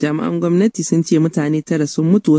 Jami'an gwamnati sun ce mutane tara sun mutu.